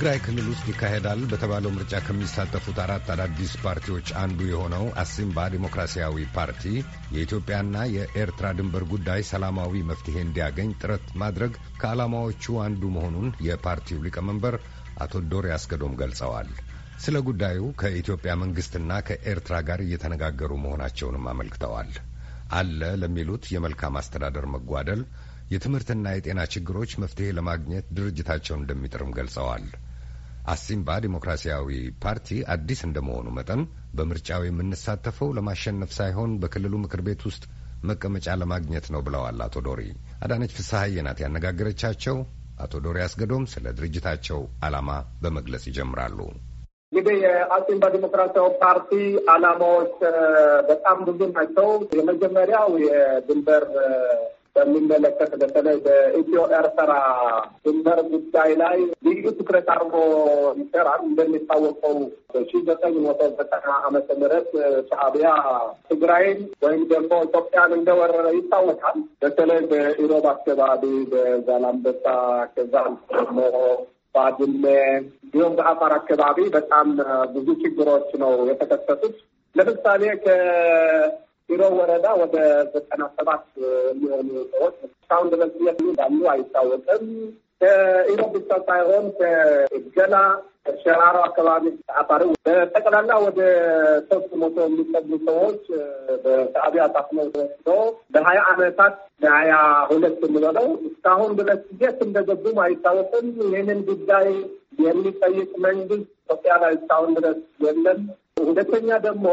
ትግራይ ክልል ውስጥ ይካሄዳል በተባለው ምርጫ ከሚሳተፉት አራት አዳዲስ ፓርቲዎች አንዱ የሆነው አሲምባ ዲሞክራሲያዊ ፓርቲ የኢትዮጵያና የኤርትራ ድንበር ጉዳይ ሰላማዊ መፍትሄ እንዲያገኝ ጥረት ማድረግ ከዓላማዎቹ አንዱ መሆኑን የፓርቲው ሊቀመንበር አቶ ዶሪ አስገዶም ገልጸዋል። ስለ ጉዳዩ ከኢትዮጵያ መንግስትና ከኤርትራ ጋር እየተነጋገሩ መሆናቸውንም አመልክተዋል። አለ ለሚሉት የመልካም አስተዳደር መጓደል የትምህርትና የጤና ችግሮች መፍትሄ ለማግኘት ድርጅታቸውን እንደሚጥርም ገልጸዋል። አሲምባ ዲሞክራሲያዊ ፓርቲ አዲስ እንደመሆኑ መጠን በምርጫው የምንሳተፈው ለማሸነፍ ሳይሆን በክልሉ ምክር ቤት ውስጥ መቀመጫ ለማግኘት ነው ብለዋል አቶ ዶሪ። አዳነች ፍስሐዬ ናት ያነጋገረቻቸው። አቶ ዶሪ አስገዶም ስለ ድርጅታቸው ዓላማ በመግለጽ ይጀምራሉ። እንግዲህ የአሲምባ ዲሞክራሲያዊ ፓርቲ ዓላማዎች በጣም ብዙ ናቸው። የመጀመሪያው የድንበር በሚመለከት በተለይ በኢትዮ ኤርትራ ድንበር ጉዳይ ላይ ልዩ ትኩረት አድርጎ ይሰራል። እንደሚታወቀው በሺ ዘጠኝ መቶ ዘጠና ዓመተ ምህረት ሻዕቢያ ትግራይን ወይም ደግሞ ኢትዮጵያን እንደወረረ ይታወቃል። በተለይ በኢሮብ አካባቢ፣ በዛላምበሳ ከዛ ደግሞ በአድሜ እንዲሁም በአፋር አካባቢ በጣም ብዙ ችግሮች ነው የተከሰቱት። ለምሳሌ ከኢሮ ወረዳ ወደ ዘጠና ሰባት የሚሆኑ ሰዎች እስካሁን ድረስ ያሉ አይታወቅም። ከኢሮ ብቻ ሳይሆን ከገላ ሸራሮ አካባቢ አፋሪ በጠቅላላ ወደ ሶስት መቶ የሚጠጉ ሰዎች በሰአቢያ ታፍነው ተወስደው በሀያ አመታት በሀያ ሁለት የሚበለው እስካሁን ድረስ የት እንደገቡም አይታወቅም። ይህንን ጉዳይ የሚጠይቅ መንግስት ኢትዮጵያ ላይ እስካሁን ድረስ የለም። ሁለተኛ ደግሞ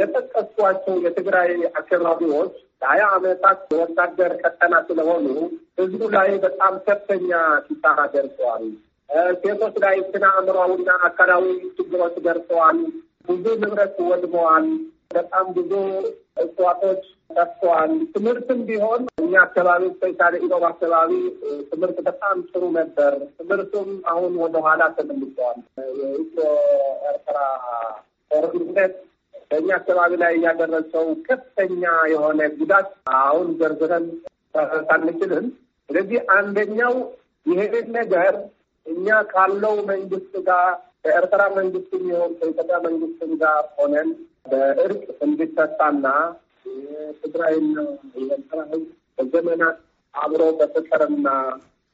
የጠቀስኳቸው የትግራይ አካባቢዎች ለሀያ ዓመታት የወታደር ቀጠና ስለሆኑ ህዝቡ ላይ በጣም ከፍተኛ ኪሳራ ደርሰዋል። ሴቶች ላይ ስነ አእምሯዊና አካላዊ ችግሮች ደርሰዋል። ብዙ ንብረት ወድመዋል። በጣም ብዙ እጽዋቶች ጠፍተዋል። ትምህርትም ቢሆን እኛ አካባቢ ስፔሻሊ ኢሮብ አካባቢ ትምህርት በጣም ጥሩ ነበር። ትምህርቱም አሁን ወደኋላ ተመልሰዋል። የኢትዮ ኤርትራ ጦርነት በእኛ አካባቢ ላይ ያደረሰው ከፍተኛ የሆነ ጉዳት አሁን ዘርዝረን ሳንችልም። ስለዚህ አንደኛው ይሄን ነገር እኛ ካለው መንግስት ጋር ከኤርትራ መንግስትም ይሁን ከኢትዮጵያ መንግስትም ጋር ሆነን በእርቅ እንዲፈታና የትግራይና የኤርትራ በዘመናት አብሮ በፍቅርና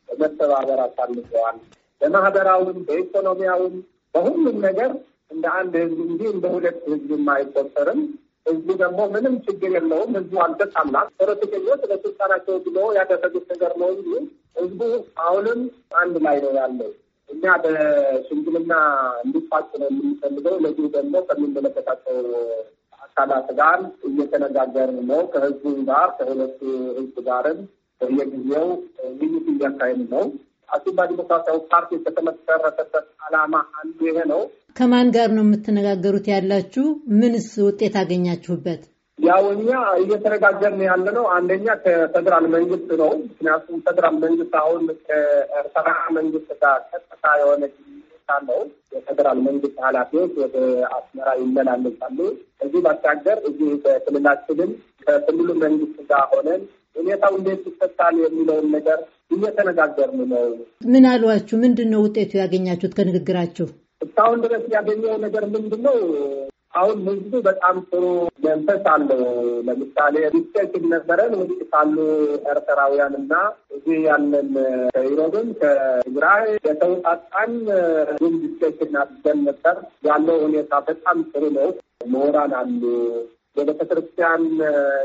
በመተባበር አሳልፈዋል። በማህበራዊም በኢኮኖሚያዊም በሁሉም ነገር እንደ አንድ ህዝብ እንጂ እንደ ሁለት ህዝብ አይቆጠርም። ህዝቡ ደግሞ ምንም ችግር የለውም። ህዝቡ አልተጣላም። ፖለቲከኞች ለስልጣናቸው ብሎ ያደረጉት ነገር ነው እንጂ ህዝቡ አሁንም አንድ ላይ ነው ያለው። እኛ በሽምግልና እንዲፋጭ ነው የምንፈልገው። ለዚህ ደግሞ ከሚመለከታቸው አካላት ጋር እየተነጋገርን ነው። ከህዝቡ ጋር ከሁለቱ ህዝብ ጋርም በየጊዜው ልዩት እያካሄድ ነው። አሱባ ዲሞክራሲያዊ ፓርቲ የተመሰረተበት ዓላማ አንዱ ይሄ ነው። ከማን ጋር ነው የምትነጋገሩት ያላችሁ? ምንስ ውጤት አገኛችሁበት? ያው እኛ እየተነጋገርን ያለ ነው። አንደኛ ከፌዴራል መንግስት ነው። ምክንያቱም ፌደራል መንግስት አሁን ከኤርትራ መንግስት ጋር ቀጥታ የሆነ ነው። የፌደራል መንግስት ኃላፊዎች ወደ አስመራ ይመላለሳሉ። እዚህ ባሻገር እዚህ በክልላችንም ከክልሉ መንግስት ጋር ሆነን ሁኔታው እንዴት ይፈታል የሚለውን ነገር እየተነጋገርን ነው። ምን አሏችሁ? ምንድን ነው ውጤቱ ያገኛችሁት ከንግግራችሁ? እስካሁን ድረስ ያገኘው ነገር ምንድን ነው? አሁን ህዝቡ በጣም ጥሩ መንፈስ አለው። ለምሳሌ ሪስፔክት ነበረን ውጭ ካሉ ኤርትራውያን እና እዚህ ያለን ከኢሮብም ከትግራይ የተውጣጣን ግን ሪስፔክት እናድርገን ነበር። ያለው ሁኔታ በጣም ጥሩ ነው። ምሁራን አሉ የቤተክርስቲያን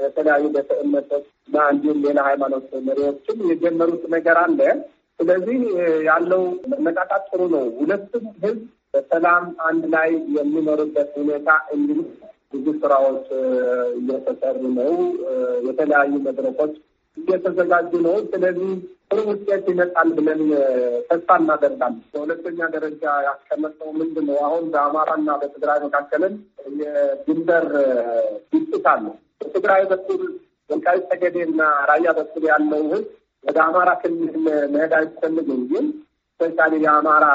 የተለያዩ ቤተ እምነቶች እና እንዲሁም ሌላ ሃይማኖት መሪዎችም የጀመሩት ነገር አለ። ስለዚህ ያለው መነቃቃት ጥሩ ነው። ሁለቱም ህዝብ በሰላም አንድ ላይ የሚኖርበት ሁኔታ እንዲሁ ብዙ ስራዎች እየተሰሩ ነው። የተለያዩ መድረኮች እየተዘጋጁ ነው። ስለዚህ ጥሩ ውጤት ይመጣል ብለን ተስፋ እናደርጋለን። በሁለተኛ ደረጃ ያስቀመጠው ምንድን ነው? አሁን በአማራና በትግራይ መካከልን የድንበር ግጭት አለ። በትግራይ በኩል ወልቃይት ጠገዴ እና ራያ በኩል ያለው ህዝብ ወደ አማራ ክልል መሄድ አይፈልግም። ግን ስፔሻሊ የአማራ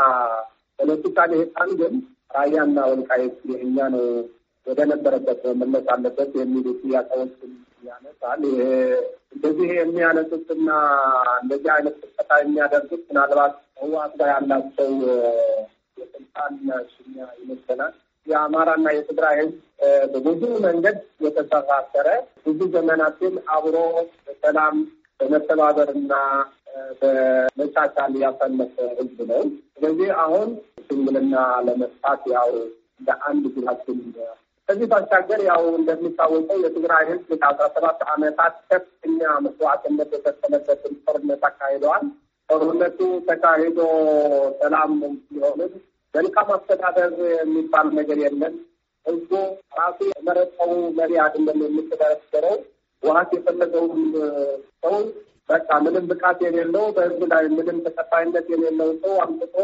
ፖለቲካል ህፃን ግን ራያና ወልቃይት የእኛ ነው ወደ ነበረበት መመለስ አለበት የሚሉ ጥያቄዎችን ያነሳል። እንደዚህ የሚያነሱትና እንደዚህ አይነት ጥቀታ የሚያደርጉት ምናልባት ህወሓት ጋር ያላቸው የስልጣን ሽኛ ይመስላል። የአማራና የትግራይ ህዝብ በብዙ መንገድ የተሰፋፈረ ብዙ ዘመናትን አብሮ በሰላም በመተባበርና በመቻቻል ያሳለፈ ህዝብ ነው። ስለዚህ አሁን ሽምግልና ለመፍታት ያው እንደ አንድ ግላችን ከዚህ ባሻገር ያው እንደሚታወቀው የትግራይ ህዝብ ከአስራ ሰባት አመታት ከፍተኛ መስዋዕትነት የተከፈለበትን ጦርነት አካሂደዋል። ጦርነቱ ተካሂዶ ሰላም ሲሆንም መልካም አስተዳደር የሚባል ነገር የለም። ህዝቡ ራሱ የመረጠው መሪ አይደለም የምተዳደረው ውሀት የፈለገውን ሰው በቃ ምንም ብቃት የሌለው በህዝብ ላይ ምንም ተቀባይነት የሌለው ሰው አምጥቶ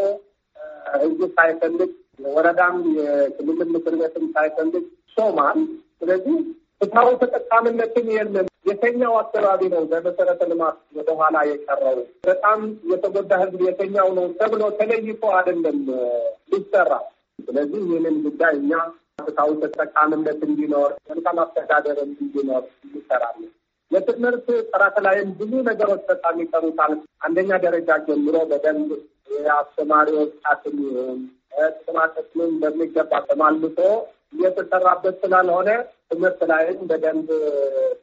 ህዝብ ሳይፈልግ ወረዳም የክልል ምክር ቤትም ሳይፈልግ ሶማል። ስለዚህ ፍትሃዊ ተጠቃሚነትም የለም። የተኛው አካባቢ ነው በመሰረተ ልማት ወደኋላ የቀረው በጣም የተጎዳ ህዝብ የተኛው ነው ተብሎ ተለይቶ አይደለም ሊሰራ። ስለዚህ ይህንን ጉዳይ እኛ ፍትሃዊ ተጠቃሚነት እንዲኖር፣ መልካም አስተዳደር እንዲኖር ይሰራል። የትምህርት ጥራት ላይም ብዙ ነገሮች በጣም ይቀሩታል። አንደኛ ደረጃ ጀምሮ በደንብ የአስተማሪዎች ጥቃትን ጥቅማ ጥቅምን በሚገባ ተማልቶ እየተሰራበት ስላልሆነ ትምህርት ላይም በደንብ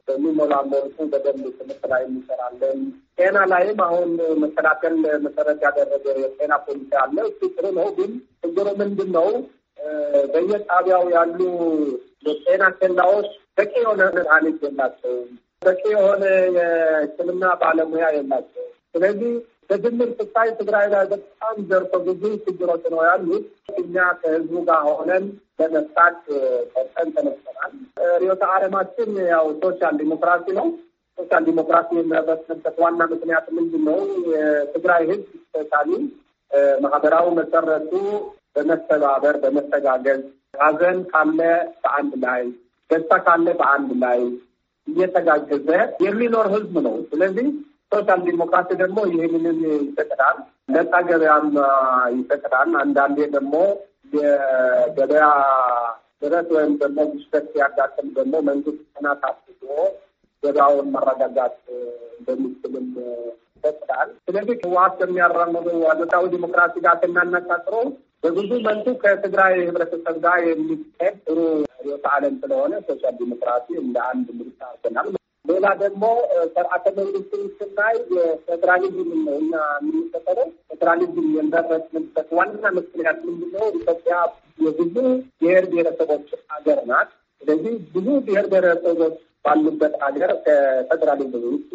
በሚሞላ መልኩ በደንብ ትምህርት ላይ እንሰራለን። ጤና ላይም አሁን መከላከል መሰረት ያደረገ የጤና ፖሊሲ አለ። እሱ ጥሩ ነው። ግን ችግሩ ምንድን ነው? በየጣቢያው ያሉ የጤና ኬላዎች በቂ የሆነ መድኃኒት የላቸውም። በቂ የሆነ የሕክምና ባለሙያ የላቸውም። ስለዚህ በድምር ስታይ ትግራይ ላይ በጣም ዘርፈ ብዙ ችግሮች ነው ያሉት። እኛ ከህዝቡ ጋር ሆነን ለመፍታት ቀጠን ተነስተናል። ርዕዮተ ዓለማችን ያው ሶሻል ዲሞክራሲ ነው። ሶሻል ዲሞክራሲ የሚያበስንበት ዋና ምክንያት ምንድን ነው? የትግራይ ህዝብ ተሳሚ ማህበራዊ መሰረቱ በመተባበር በመተጋገዝ፣ ሀዘን ካለ በአንድ ላይ፣ ደስታ ካለ በአንድ ላይ እየተጋገዘ የሚኖር ህዝብ ነው። ስለዚህ ሶሻል ዲሞክራሲ ደግሞ ይህንንም ይፈቅዳል። ነጻ ገበያም ይፈቅዳል። አንዳንዴ ደግሞ የገበያ ድረት ወይም ደግሞ ግሽበት ሲያጋጥም ደግሞ መንግስት ጥናት አስዞ ገበያውን መረጋጋት እንደሚችልም ይፈቅዳል። ስለዚህ ህወሀት ከሚያራምዱ ነጻው ዲሞክራሲ ጋር ስናነጻጽሮ በብዙ መልኩ ከትግራይ ህብረተሰብ ጋር የሚካሄድ ጥሩ ርዕዮተ ዓለም ስለሆነ ሶሻል ዲሞክራሲ እንደ አንድ ምርጫ አርሰናል ሌላ ደግሞ ስርዓተ መንግስትን ስናይ የፌዴራሊዝም ነው እና የምንፈጠረው ፌዴራሊዝም የንደረስንበት ዋና ምክንያት ምንድነው? ኢትዮጵያ የብዙ ብሔር ብሔረሰቦች ሀገር ናት። ስለዚህ ብዙ ብሔር ብሔረሰቦች ባሉበት ሀገር ከፌዴራሊዝም ውጭ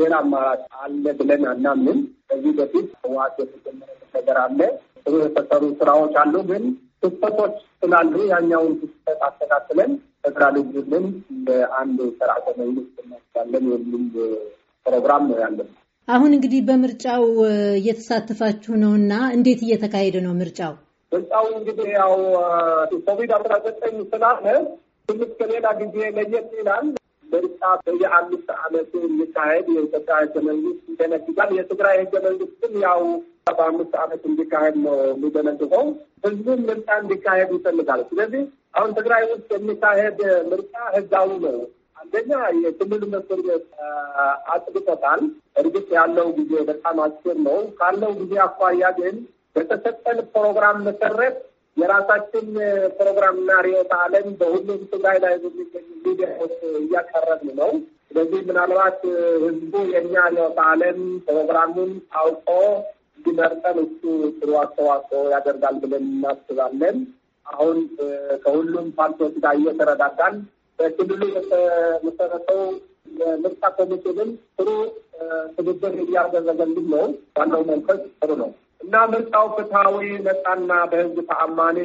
ሌላ አማራጭ አለ ብለን አናምን። ከዚህ በፊት ህወሓት የተጀመረ ነገር አለ። ጥሩ የተሰሩ ስራዎች አሉ፣ ግን ክፍተቶች ስላሉ ያኛውን ክፍተት አስተካክለን ስፍራ ልዩልን እንደ አንድ ስርዓተ መንግስት እናስባለን የሚል ፕሮግራም ነው ያለን። አሁን እንግዲህ በምርጫው እየተሳተፋችሁ ነው እና እንዴት እየተካሄደ ነው ምርጫው? ምርጫው እንግዲህ ያው ኮቪድ አስራ ዘጠኝ ስላለ ትንሽ ከሌላ ጊዜ ለየት ይላል። ምርጫ በየአምስት አመቱ የሚካሄድ የኢትዮጵያ ህገ መንግስት ይደነግጋል። የትግራይ ህገ መንግስትም ያው በአምስት አመት እንዲካሄድ ነው የሚደነግገው። ህዝቡም ምርጫ እንዲካሄድ ይፈልጋል። ስለዚህ አሁን ትግራይ ውስጥ የሚካሄድ ምርጫ ህጋዊ ነው። አንደኛ የክልል ምክር ቤት አጽድቆታል። እርግጥ ያለው ጊዜ በጣም አጭር ነው። ካለው ጊዜ አኳያ ግን በተሰጠን ፕሮግራም መሰረት የራሳችን ፕሮግራምና ርዕዮተ ዓለም በሁሉም ትግራይ ላይ በሚገኙ ሚዲያዎች እያቀረብን ነው። ስለዚህ ምናልባት ህዝቡ የእኛ ርዕዮተ ዓለም ፕሮግራሙን አውቆ እንዲመርጠን እሱ ጥሩ አስተዋጽኦ ያደርጋል ብለን እናስባለን። አሁን ከሁሉም ፓርቲዎች ጋር እየተረዳዳን በክልሉ የተመሰረተው የምርጫ ኮሚቴ ጥሩ ትብብር እያደረገልኝ ነው። ያለው መንፈስ ጥሩ ነው እና ምርጫው ፍትሐዊ፣ ነጻና በህዝብ ተአማኒ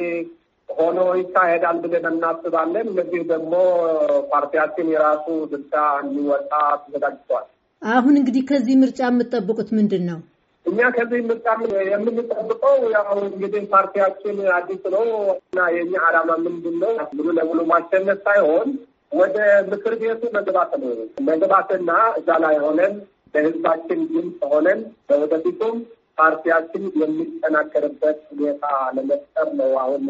ሆኖ ይካሄዳል ብለን እናስባለን። እነዚህ ደግሞ ፓርቲያችን የራሱ ድርሻ እንዲወጣ ተዘጋጅተዋል። አሁን እንግዲህ ከዚህ ምርጫ የምትጠብቁት ምንድን ነው? እኛ ከዚህ ምጣም የምንጠብቀው ያው እንግዲህ ፓርቲያችን አዲስ ነው እና የኛ ዓላማ ምንድን ነው ብሎ ለብሎ ማሸነፍ ሳይሆን ወደ ምክር ቤቱ መግባት ነው። መግባትና እዛ ላይ ሆነን ለህዝባችን ድምፅ ሆነን በወደፊቱም ፓርቲያችን የሚጠናከርበት ሁኔታ ለመፍጠር ነው። አሁን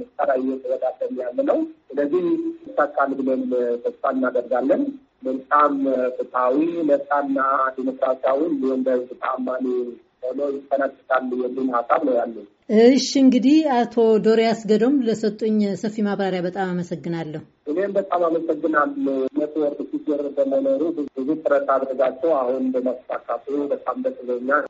ምሳራ እየተወዳደር ያለ ነው። ስለዚህ ይሳካል ብለን ተስፋ እናደርጋለን። በጣም ፍትሐዊ ነፃና ዲሞክራሲያዊ እንዲሁም በህዝብ ተአማኒ ሆኖ ይጠናቀቃል የሚል ሀሳብ ነው ያለው። እሺ እንግዲህ አቶ ዶሪያስ ገዶም ለሰጡኝ ሰፊ ማብራሪያ በጣም አመሰግናለሁ። እኔም በጣም አመሰግናለሁ። መቶ ወር በመኖሩ ብዙ ጥረት አድርጋቸው አሁን በማሳካቱ በጣም ደስ ብሎኛል።